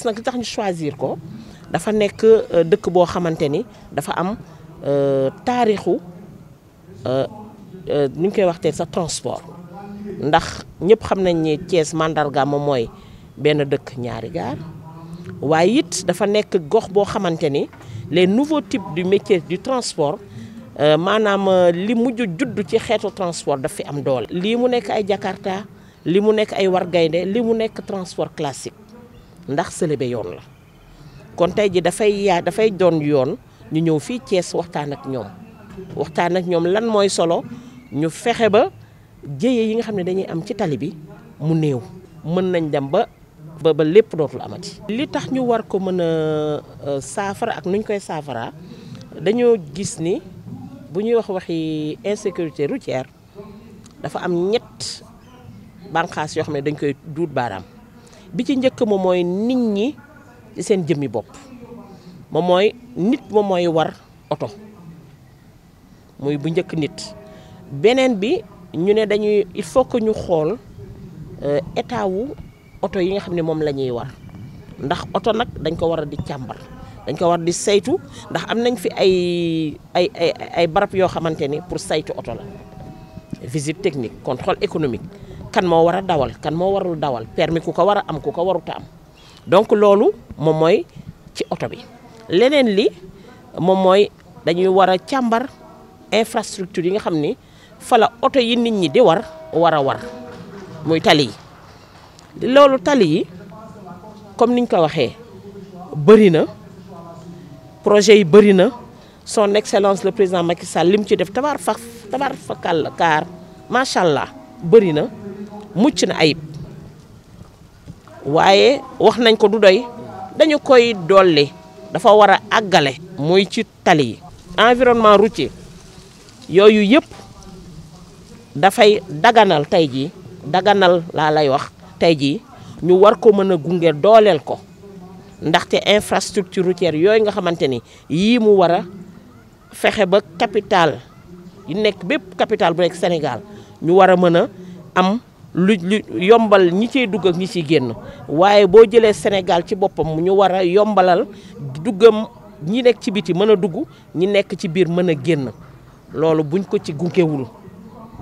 Thiès nag li tax ñu choisir ko dafa nekk euh, dëkk boo xamante ni dafa am euh, taarixu euh, nu ñu koy wax sa transport ndax ñëpp xam nañ ne Thiès mandarga moom mooy benn dëkk ñaari gaar waaye it dafa nekk gox boo xamante ni les nouveaux type du métier du transport maanaam li mujj juddu ci xeetu transport daf fi am doole. lii mu nekk ay Jakarta li mu nekk ay war gaynde li mu nekk transport classique. ndax Selébé yoon la kon tey ji dafay yaa dafay doon yoon ñu ñëw fii cees waxtaan ak ñoom waxtaan ak ñoom lan mooy solo ñu fexe ba jéye yi nga xam ne dañuy am ci tali bi mu néew mën nañ dem ba ba lépp dootul amati. li tax ñu war ko mën a euh, saafara ak nuñ koy saafara dañoo gis ni bu ñuy wax waxi insécurité routière dafa am ñett bànqaas yoo xam ne dañ koy duut baaraam. bi ci njëkk moom mooy nit ñi seen jëmmi bopp moom mooy moom mooy war oto muy bu njëkk nit beneen bi ñu ne dañuy il faut que ñu xool euh, état wu oto yi nga xam ne moom la ñuy war ndax oto nag dañ ko war a di càmbar dañ ko war di saytu ndax am nañ fi ay ay ay ay barab yoo xamante ni pour saytu oto la visite technique contrôle économique kan moo war a dawal kan moo warul dawal permis ku ko war a am ku ko waruta am donc loolu moom mooy ci oto bi leneen li moom mooy dañuy war a càmbar infrastructure yi nga xam ni fala la oto yi nit ñi di war war a war muy tali yi loolu tali yi comme niñ ko waxee bëri na projet yi bëri na son excellence le président Macky Sall li mu ci def tabaar fa tabaar fakal kaar macha allah bëri na mucc na ayib waaye wax nañ ko du doy dañu koy dolli dafa war a àggale muy ci tali yi environnement routier yooyu yëpp dafay daganal tey jii daganal laa lay wax tey jii ñu war ko mën a gunge dooleel ko ndaxte infrastructure routière yooyu nga xamante ni yii mu war a fexe ba capital yu nekk bépp capital bu nekk Sénégal ñu war a mën a am lu ñu yombal ñi ciy dugg ak ñi ciy génn waaye boo jëlee Sénégal ci boppam mu ñu war a yombalal duggam ñi nekk ci biti mën a dugg ñi nekk ci biir mën a génn loolu buñ ko ci gunkewul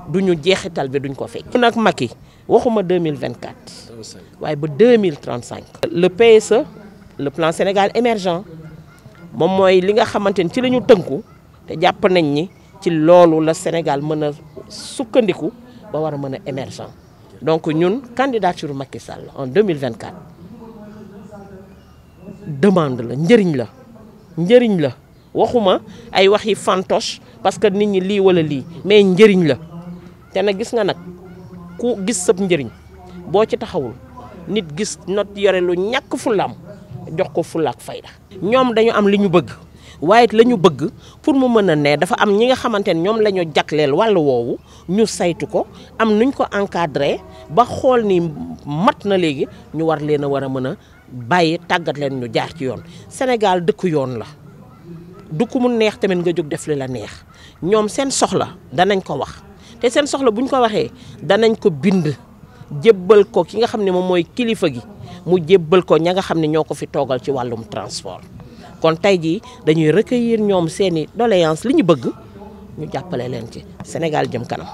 du ñu jeexital bi duñ ko fekk. nag Macky waxuma 2024 waaye ba 2035. le PSE le plan Sénégal émergent moom mooy li nga xamante ni ci lañu tënku te jàpp nañ ni ci loolu la Sénégal mën a sukkandiku ba war a mën a émergent donc ñun candidature Macky Sall en 2024 demande la njëriñ la njëriñ la waxuma ay waxi fantoche parce que nit ñi lii walla lii mais njëriñ la te nag gis nga nag ku gis sëb njëriñ boo ci taxawul nit gis not yore lu ñàkk fulaam jox ko fulaak fayda ñoom dañu am li ñu bëgg waaye it la ñu bëgg pour mu mën a ne dafa am ñi nga xamante ne ñoom la ñu jagleel wàllu woowu ñu saytu ko am nuñ ko encadré ba xool ni mat na léegi ñu war leen a war a mën a bàyyi tàggat leen ñu jaar ci yoon Sénégal dëkku yoon la du ko mun neex tamit nga jóg def li la neex ñoom seen soxla danañ ko wax te seen soxla buñ ko waxee danañ ko bind jébbal ko ki nga xam ne moom mooy kilifa gi mu jébbal ko ña nga xam ne ñoo ko fi toogal ci wàllum transport kon tey jii dañuy recueillir ñoom seeni doléance li ñu bëgg ñu jàppale leen ci Sénégal jëm kanam